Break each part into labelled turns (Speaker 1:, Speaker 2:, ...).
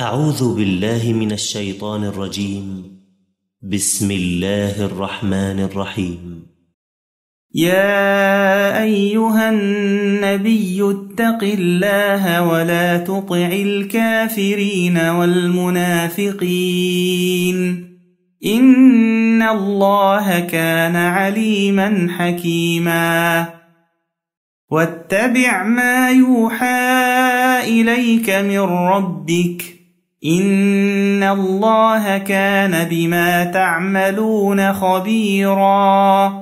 Speaker 1: أعوذ بالله من الشيطان الرجيم بسم الله الرحمن الرحيم يا أيها النبي اتق الله ولا تطع الكافرين والمنافقين إن الله كان عليما حكيما واتبع ما يوحى إليك من ربك إن الله كان بما تعملون خبيرا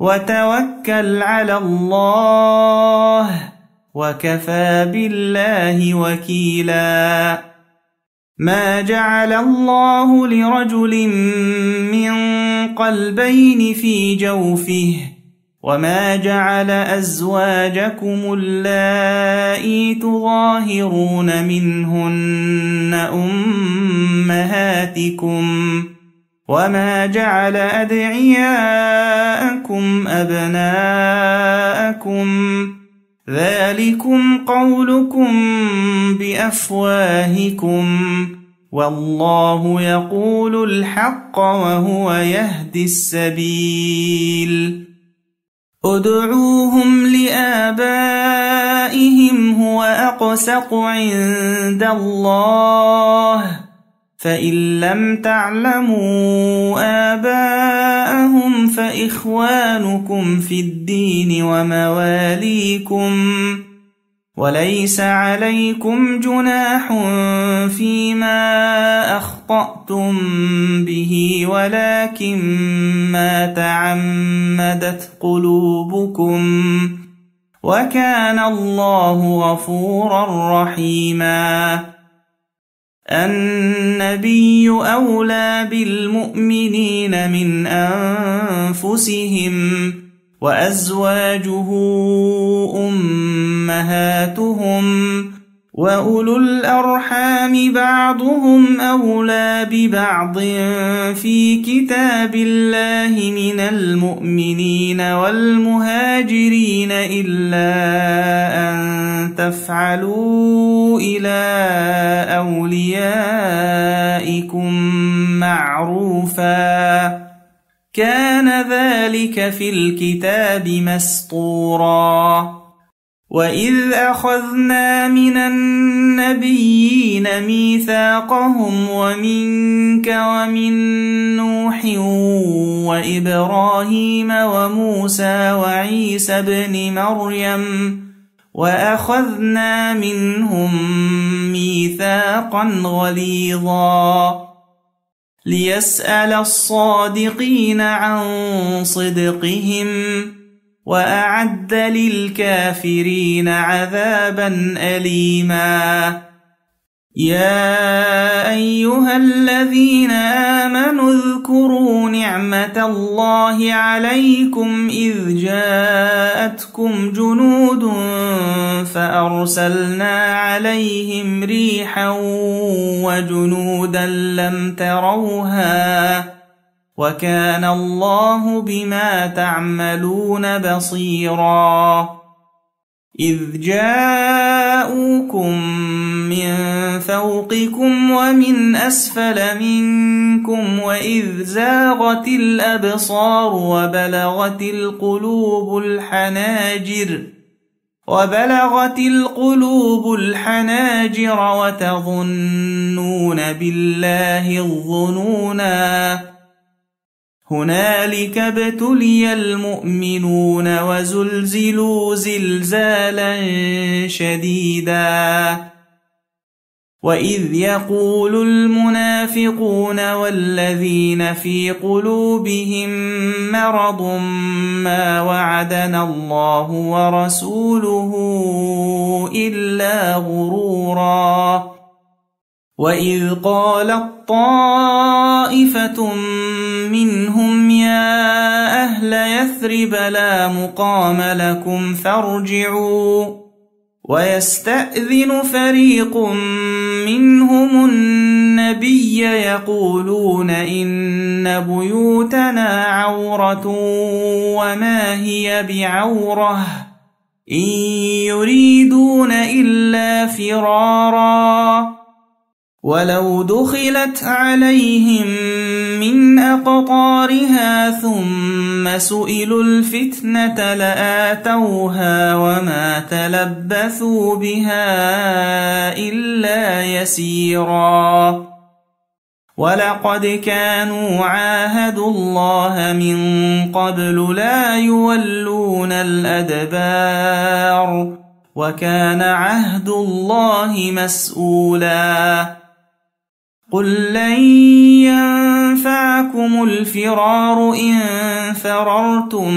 Speaker 1: وتوكل على الله وكفى بالله وكيلا ما جعل الله لرجل من قلبين في جوفه وما جعل أزواجكم اللائي تظاهرون منهن أمهاتكم وما جعل أدعياءكم أبناءكم ذلكم قولكم بأفواهكم والله يقول الحق وهو يهدي السبيل ادعوهم لآبائهم هو أقسط عند الله فإن لم تعلموا آباءهم فإخوانكم في الدين ومواليكم وليس عليكم جناح فيما أخطأتم به به ولكن ما تعمدت قلوبكم وكان الله غفورا رحيما النبي أولى بالمؤمنين من أنفسهم وأزواجه أمهاتهم وأولو الأرحام بعضهم أولى ببعض في كتاب الله من المؤمنين والمهاجرين إلا أن تفعلوا إلى أوليائكم معروفا كان ذلك في الكتاب مسطوراً وَإِذْ أَخَذْنَا مِنَ النَّبِيِّينَ مِيثَاقَهُمْ وَمِنْكَ وَمِنْ نُوحٍ وَإِبْرَاهِيمَ وَمُوسَى وَعِيسَى ابْنِ مَرْيَمَ وَأَخَذْنَا مِنْهُمْ مِيثَاقًا غَلِيظًا لِيَسْأَلَ الصَّادِقِينَ عَنْ صِدْقِهِمْ وأعد للكافرين عذابا أليما يا أيها الذين آمنوا اذكروا نعمة الله عليكم إذ جاءتكم جنود فأرسلنا عليهم ريحا وجنودا لم تروها وكان الله بما تعملون بصيرا إذ جاءوكم من فوقكم ومن أسفل منكم وإذ زاغت الأبصار وبلغت القلوب الحناجر وبلغت القلوب الحناجر وتظنون بالله الظنونا هنالك ابتلي المؤمنون وزلزلوا زلزالا شديدا وإذ يقول المنافقون والذين في قلوبهم مرض ما وعدنا الله ورسوله إلا غروراً وإذ قالت طائفة منهم يا أهل يثرب لا مقام لكم فارجعوا ويستأذن فريق منهم النبي يقولون إن بيوتنا عورة وما هي بعورة إن يريدون إلا فراراً ولو دخلت عليهم من أقطارها ثم سئلوا الفتنة لآتوها وما تلبثوا بها إلا يسيرا ولقد كانوا عاهدوا الله من قبل لا يولون الأدبار وكان عهد الله مسؤولاً قل لن ينفعكم الفرار إن فررتم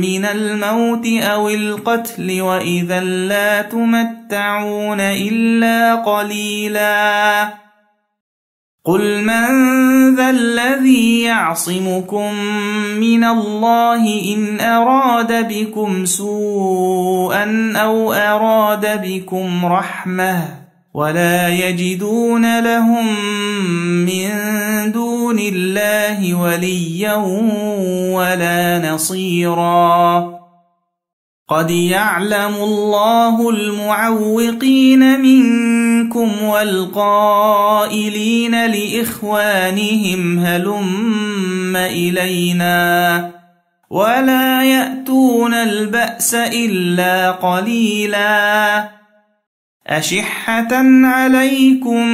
Speaker 1: من الموت أو القتل وإذا لا تمتعون إلا قليلا قل من ذا الذي يعصمكم من الله إن أراد بكم سوءا أو أراد بكم رحمةً ولا يجدون لهم من دون الله وليا ولا نصيرا قد يعلم الله المعوقين منكم والقائلين لإخوانهم هلم إلينا ولا يأتون البأس إلا قليلاً أشحة عليكم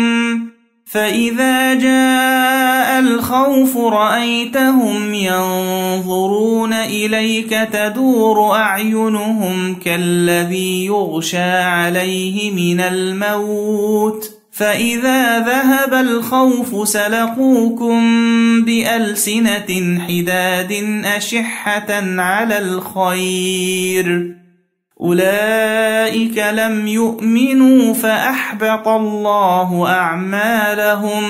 Speaker 1: فإذا جاء الخوف رأيتهم ينظرون إليك تدور أعينهم كالذي يغشى عليه من الموت فإذا ذهب الخوف سلقوكم بألسنة حداد أشحة على الخير أولئك لم يؤمنوا فأحبط الله أعمالهم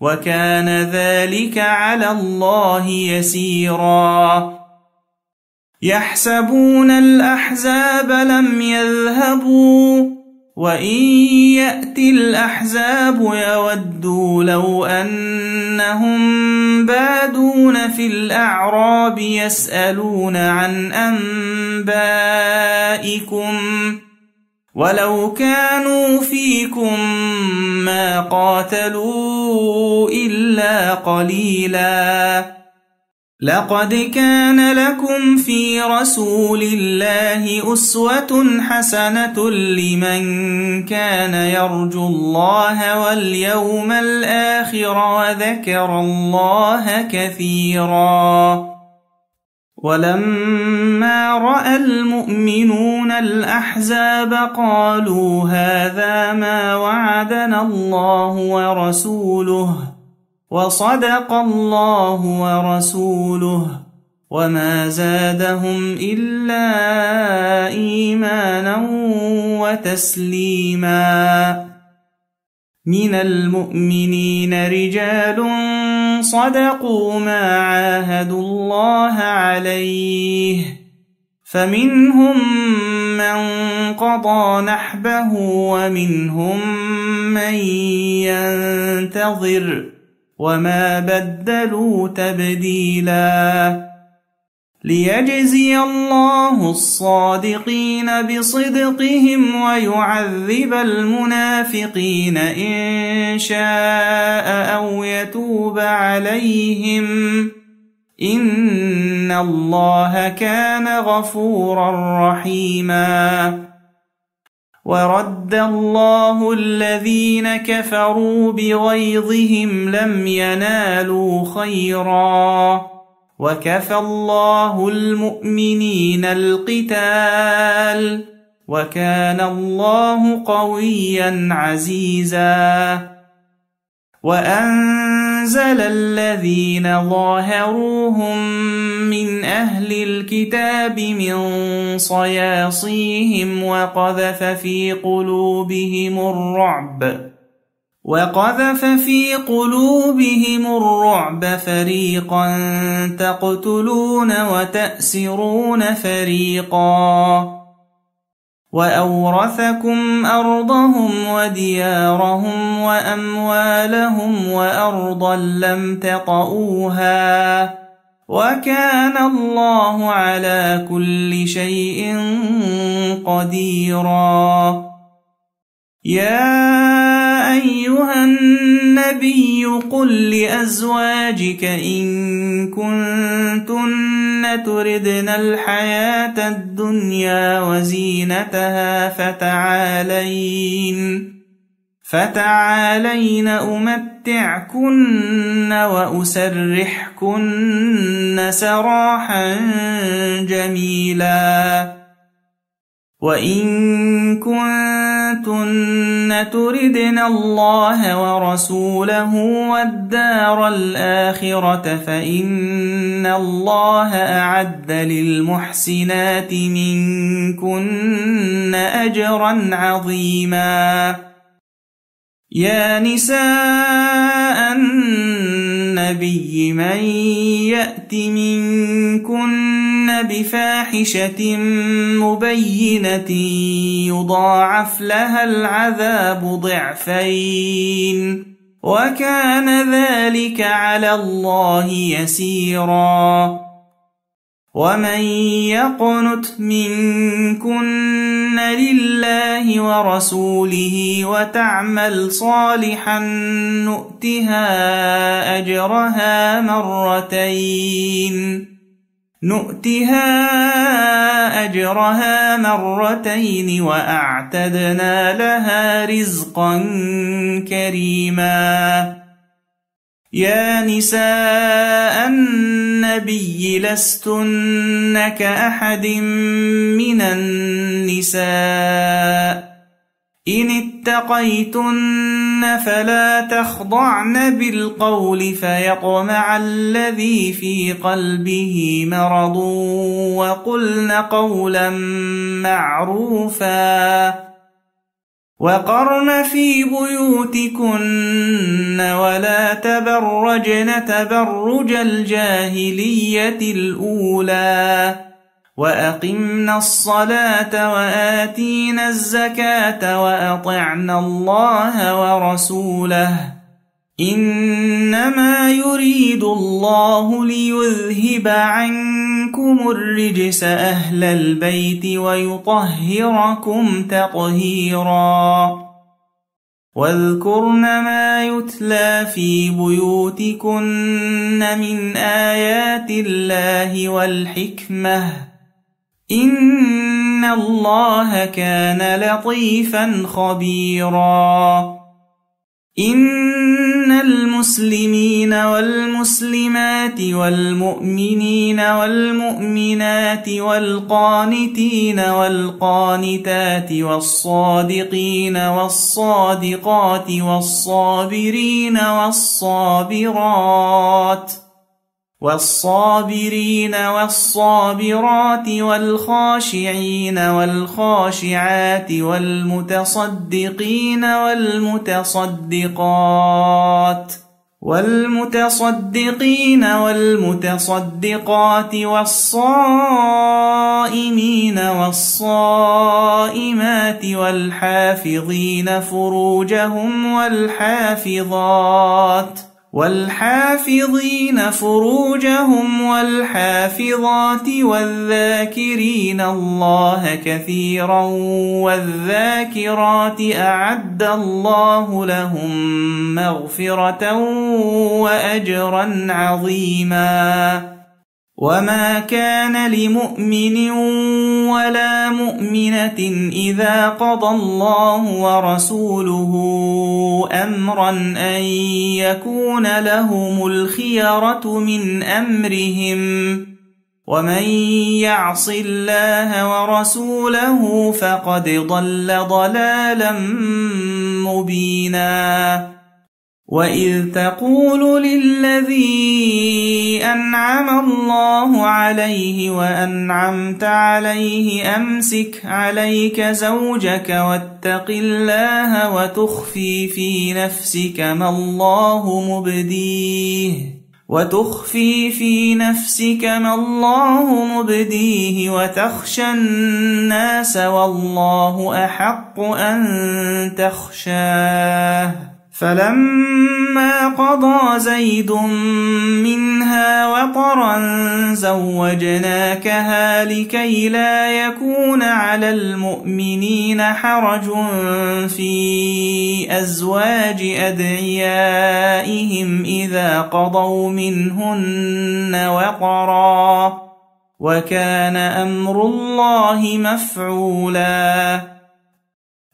Speaker 1: وكان ذلك على الله يسيرا يحسبون الأحزاب لم يذهبوا وإن يأتي الأحزاب يودوا لو أنهم بادوا يلقون في الأعراب يسألون عن أنبائكم ولو كانوا فيكم ما قاتلوا إلا قليلاً لقد كان لكم في رسول الله أسوة حسنة لمن كان يرجو الله واليوم الآخر وذكر الله كثيرا ولما رأى المؤمنون الأحزاب قالوا هذا ما وعدنا الله ورسوله وصدق الله ورسوله وما زادهم إلا إيمانا وتسليما من المؤمنين رجال صدقوا ما عاهدوا الله عليه فمنهم من قضى نحبه ومنهم من ينتظر وما بدلوا تبديلا ليجزي الله الصادقين بصدقهم ويعذب المنافقين إن شاء أو يتوب عليهم إن الله كان غفورا رحيماً ورد الله الذين كفروا بغيظهم لم ينالوا خيرا وكفى الله المؤمنين القتال وكان الله قويا عزيزا وأن أنزل الذين ظاهروهم من أهل الكتاب من صياصيهم وقذف في قلوبهم الرعب وقذف في قلوبهم الرعب فريقا تقتلون وتأسرون فريقاً وأورثكم أرضهم وديارهم وأموالهم وأرضا لم تطئوها وكان الله على كل شيء قديراً يا أيها النبي قل لأزواجك إن كنتن تردن الحياة الدنيا وزينتها فتعالين فتعالين أمتعكن وأسرحكن سراحا جميلاً وإن كنتن تردن الله ورسوله والدار الآخرة فإن الله أعد للمحسنات منكن أجرا عظيما يا نساء النبي من يأت منكن بفاحشة مبينة يضاعف لها العذاب ضعفين وكان ذلك على الله يسيرا ومن يقنت منكن لله ورسوله وتعمل صالحا نؤتها أجرها مرتين نؤتها أجرها مرتين وأعتدنا لها رزقا كريما يا نساء النبي لستن كأحد من النساء إن اتقيتن فلا تخضعن بالقول فيطمع الذي في قلبه مرض وقلن قولا معروفا وقرن في بيوتكن ولا تبرجن تبرج الجاهليه الاولى وأقمنا الصلاة وآتينا الزكاة وأطعنا الله ورسوله إنما يريد الله ليذهب عنكم الرجس أهل البيت ويطهركم تطهيرا واذكرن ما يتلى في بيوتكن من آيات الله والحكمة إن الله كان لطيفا خبيرا إن المسلمين والمسلمات والمؤمنين والمؤمنات والقانتين والقانتات والصادقين والصادقات والصابرين والصابرات والصابرين والصابرات والخاشعين والخاشعات والمتصدقين والمتصدقات والمتصدقين والمتصدقات والصائمين والصائمات والحافظين فروجهم والحافظات ۖ والحافظين فروجهم والحافظات والذاكرين الله كثيرا والذاكرات أعد الله لهم مغفرة وأجرا عظيماً وما كان لمؤمن ولا مؤمنة إذا قضى الله ورسوله أمرا أن يكون لهم الخيرة من أمرهم ومن يعص الله ورسوله فقد ضل ضلالا مبيناً وَإِذْ تَقُولُ لِلَّذِي أَنْعَمَ اللَّهُ عَلَيْهِ وَأَنْعَمْتَ عَلَيْهِ أَمْسِكْ عَلَيْكَ زَوْجَكَ وَاتَّقِ اللَّهَ وَتُخْفِي فِي نَفْسِكَ مَا اللَّهُ مُبْدِيهِ وَتُخْفِي فِي نَفْسِكَ مَا اللَّهُ مُبْدِيهِ وَتَخْشَى النَّاسَ وَاللَّهُ أَحَقُّ أَنْ تَخْشَاهُ فلما قضى زيد منها وطرا زوجناكها لكي لا يكون على المؤمنين حرج في أزواج أدعيائهم إذا قضوا منهن وطرا وكان أمر الله مفعولا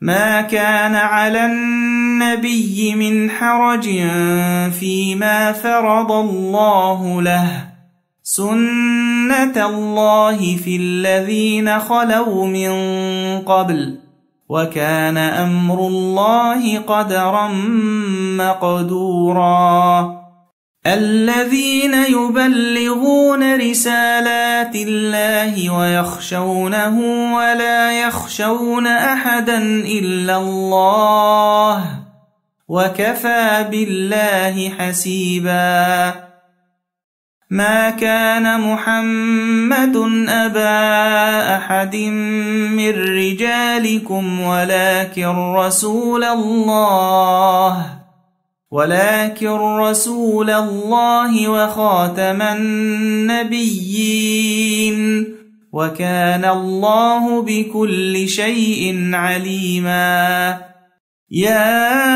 Speaker 1: ما كان على الناس النبي من حرج فيما فرض الله له سنة الله في الذين خلوا من قبل وكان أمر الله قدرا مقدورا الذين يبلغون رسالات الله ويخشونه ولا يخشون أحدا إلا الله وكفى بالله حسيبا ما كان محمد أبا أحد من رجالكم ولكن رسول الله ولكن رسول الله وخاتم النبيين وكان الله بكل شيء عليماً يا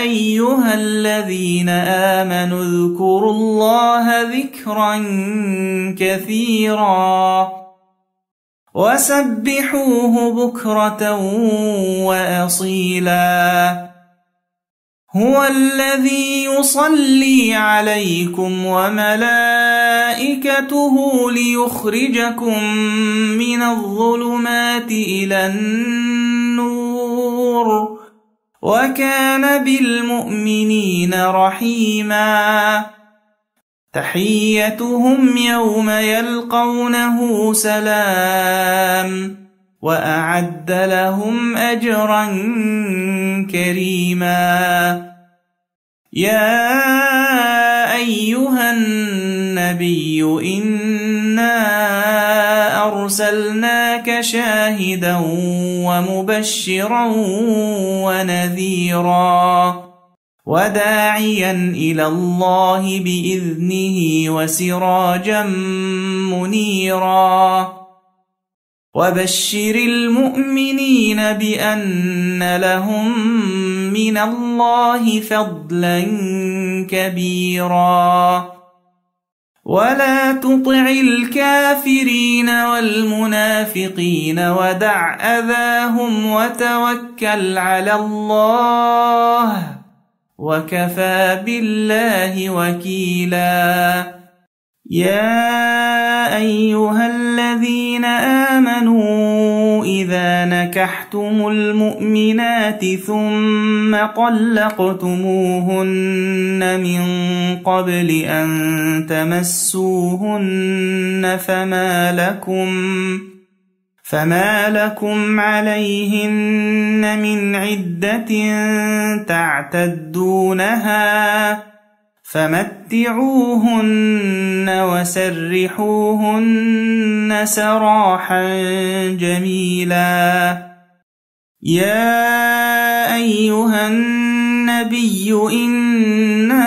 Speaker 1: أيها الذين آمنوا اذكروا الله ذكرا كثيرا وسبحوه بكرة وأصيلا هو الذي يصلي عليكم وملائكته ليخرجكم من الظلمات إلى النار غفور وكان بالمؤمنين رحيما تحيتهم يوم يلقونه سلام وأعد لهم أجرا كريما يا أيها النبي إن شاهدا ومبشرا ونذيرا وداعيا إلى الله بإذنه وسراجا منيرا وبشر المؤمنين بأن لهم من الله فضلا كبيرا ولا تطع الكافرين والمنافقين ودع أذاهم وتوكل على الله وكفى بالله وكيلا يا أيها الذين آمنوا إذا نكحتم المؤمنات ثم قلقتموهن من قبل أن تمسوهن فما لكم فما لكم عليهن من عدة تعتدونها فمتعوهن وسرحوهن سراحا جميلا يا ايها النبي انا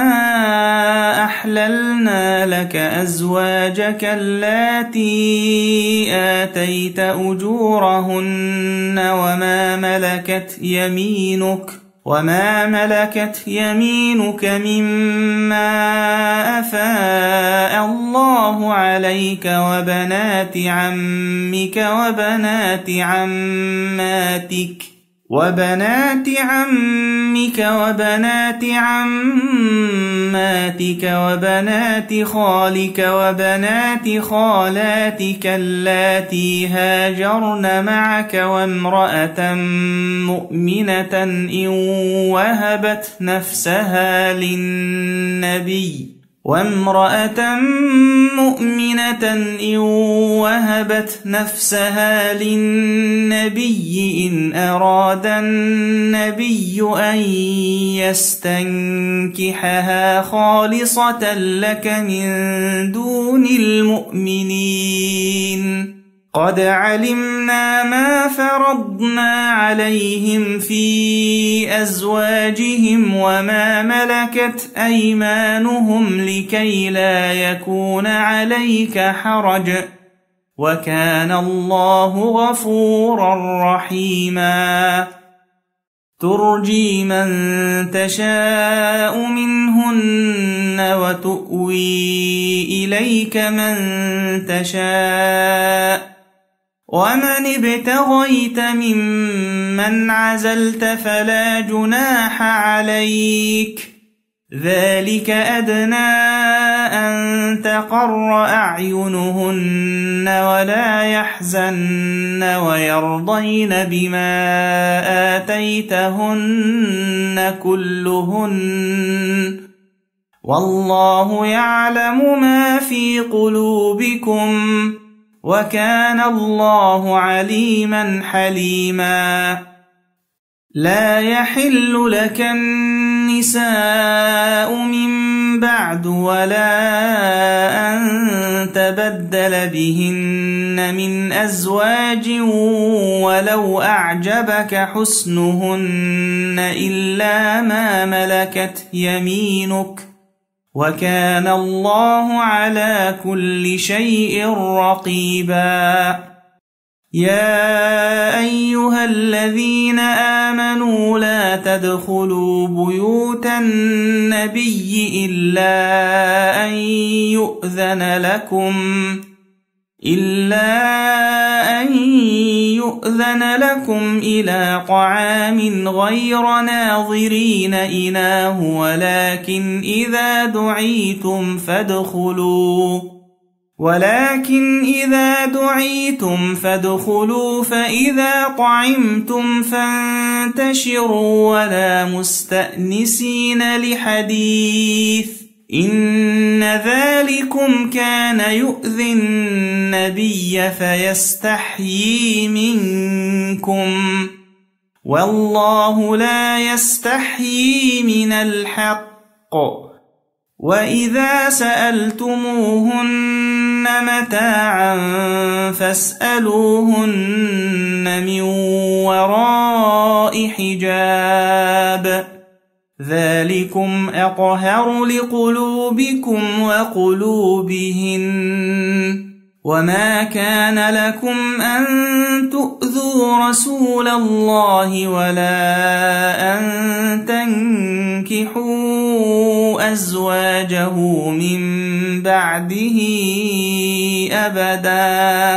Speaker 1: احللنا لك ازواجك اللاتي اتيت اجورهن وما ملكت يمينك وما ملكت يمينك مما أفاء الله عليك وبنات عمك وبنات عماتك وبنات عمك وبنات عماتك وبنات خالك وبنات خالاتك اللاتي هاجرن معك وامرأة مؤمنة إن وهبت نفسها للنبي وامرأة مؤمنة إن وهبت نفسها للنبي إن أراد النبي أن يستنكحها خالصة لك من دون المؤمنين قد علمنا ما فرضنا عليهم في أزواجهم وما ملكت أيمانهم لكي لا يكون عليك حرج وكان الله غفورا رحيما ترجي من تشاء منهن وتؤوي إليك من تشاء ومن ابتغيت ممن عزلت فلا جناح عليك ذلك أدنى أن تقر أعينهن ولا يحزن ويرضين بما آتيتهن كلهن والله يعلم ما في قلوبكم وكان الله عليما حليما لا يحل لك النساء من بعد ولا أن تبدل بهن من أزواج ولو أعجبك حسنهن إلا ما ملكت يمينك وكان الله على كل شيء رقيبا يا أيها الذين آمنوا لا تدخلوا بيوت النبي إلا أن يؤذن لكم إلا أن يؤذن لكم إلى طعام غير ناظرين إناه ولكن إذا دعيتم فادخلوا ولكن إذا دعيتم فادخلوا فإذا طعمتم فانتشروا ولا مستأنسين لحديث إن ذلكم كان يؤذي النبي فيستحيي منكم والله لا يستحيي من الحق وإذا سألتموهن متاعا فاسألوهن من وراء حجاب ذلكم أطهر لقلوبكم وقلوبهن وما كان لكم أن تؤذوا رسول الله ولا أن تنكحوا أزواجه من بعده أبدا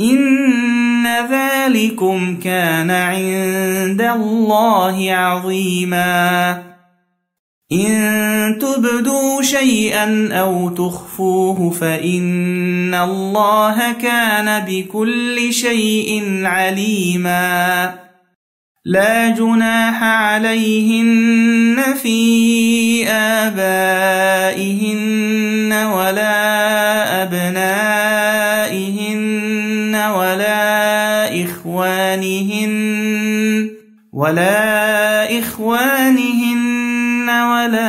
Speaker 1: إن ذلكم كان عند الله عظيماً إن تبدوا شيئا أو تخفوه فإن الله كان بكل شيء عليما لا جناح عليهن في آبائهن ولا أبنائهن ولا إخوانهن ولا إخوانهن على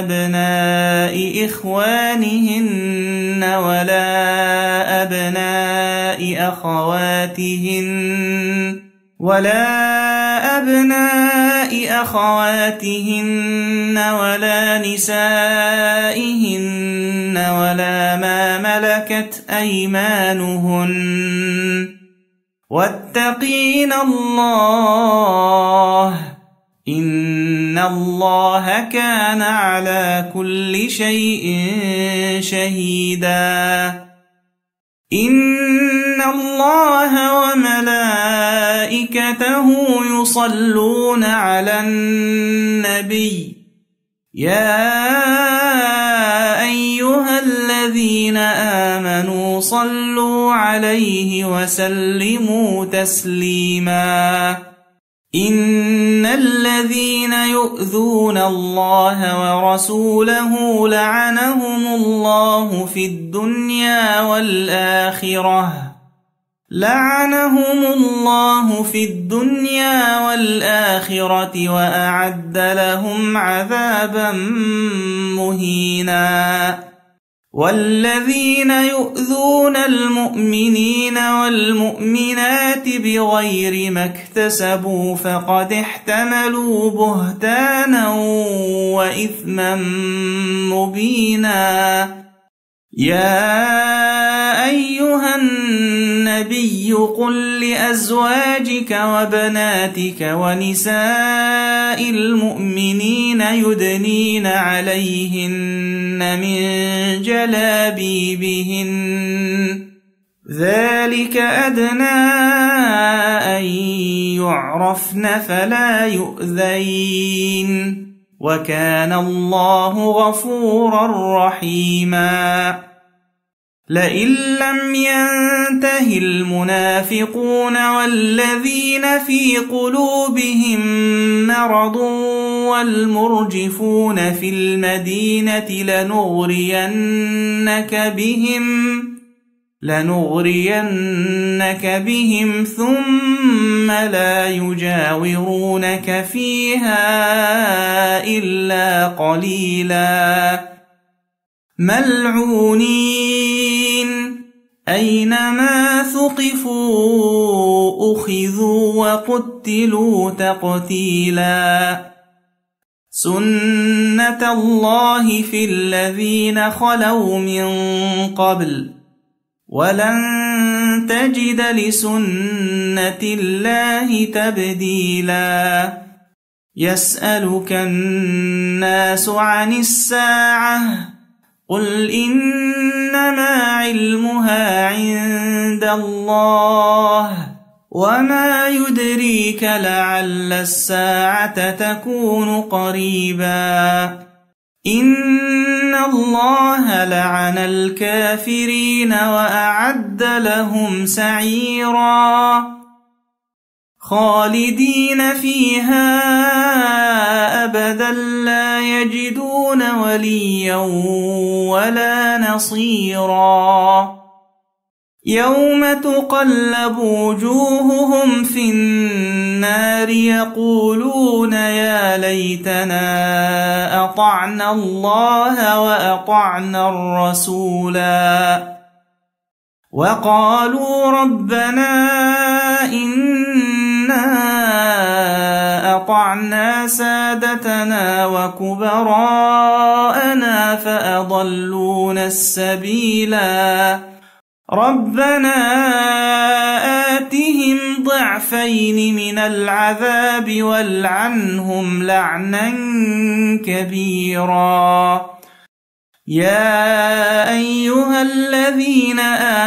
Speaker 1: أبناء إخوانهن ولا أبناء أخواتهن ولا أبناء أخواتهن ولا نسائهن ولا ما ملكت أيمانهن واتقين الله إن الله كان على كل شيء شهيدا إن الله وملائكته يصلون على النبي يا أيها الذين آمنوا صلوا عليه وسلموا تسليماً إن الذين يؤذون الله ورسوله لعنهم الله في الدنيا والآخرة لعنهم الله في الدنيا والآخرة وأعد لهم عذابا مهيناً والذين يؤذون المؤمنين والمؤمنات بغير ما اكتسبوا فقد احتملوا بهتانا وإثما مبينا يا أيها النبي قل لأزواجك وبناتك ونساء المؤمنين يدنين عليهن من جلابيبهن ذلك أدنى أن يعرفن فلا يؤذين وكان الله غفورا رحيما لئن لم ينته المنافقون والذين في قلوبهم مرضون والمرجفون في المدينة لنغرينك بهم لنغرينك بهم ثم لا يجاورونك فيها إلا قليلا ملعونين أينما ثقفوا أخذوا وقتلوا تقتيلاً سنة الله في الذين خلوا من قبل ولن تجد لسنة الله تبديلا يسألك الناس عن الساعة قل إنما علمها عند الله وما يدريك لعل الساعة تكون قريبا إن الله لعن الكافرين وأعد لهم سعيرا خالدين فيها أبدا لا يجدون وليا ولا نصيراً يوم تقلب وجوههم في النار يقولون يا ليتنا أطعنا الله وأطعنا الرسولا وقالوا ربنا إنا أطعنا سادتنا وكبراءنا فأضلونا السبيلاً ربنا آتهم ضعفين من العذاب والعنهم لعنا كبيرا يا أيها الذين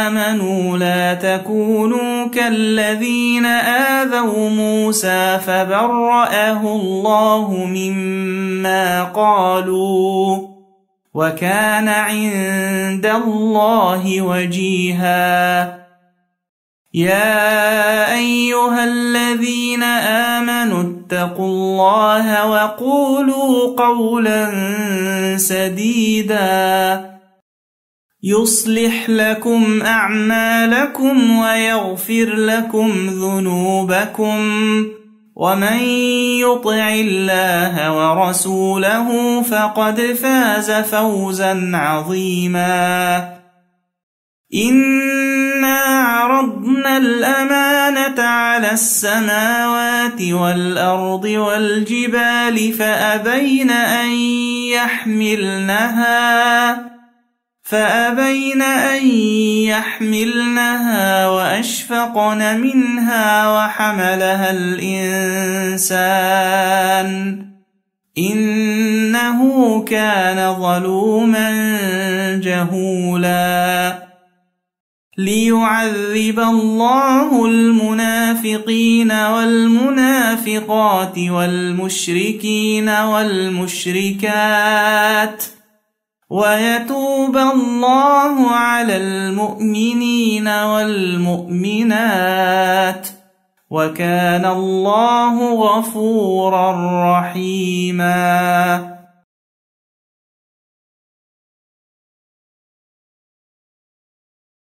Speaker 1: آمنوا لا تكونوا كالذين آذوا موسى فبرأه الله مما قالوا وكان عند الله وجيها يا أيها الذين آمنوا اتقوا الله وقولوا قولا سديدا يصلح لكم أعمالكم ويغفر لكم ذنوبكم ومن يطع الله ورسوله فقد فاز فوزا عظيما إنا عرضنا الأمانة على السماوات والأرض والجبال فأبين أن يحملنها فأبين أن يحملنها وأشفقن منها وحملها الإنسان إنه كان ظلوما جهولا ليعذب الله المنافقين والمنافقات والمشركين والمشركات ۖ ويتوب الله على المؤمنين والمؤمنات وكان الله غفورا رحيماً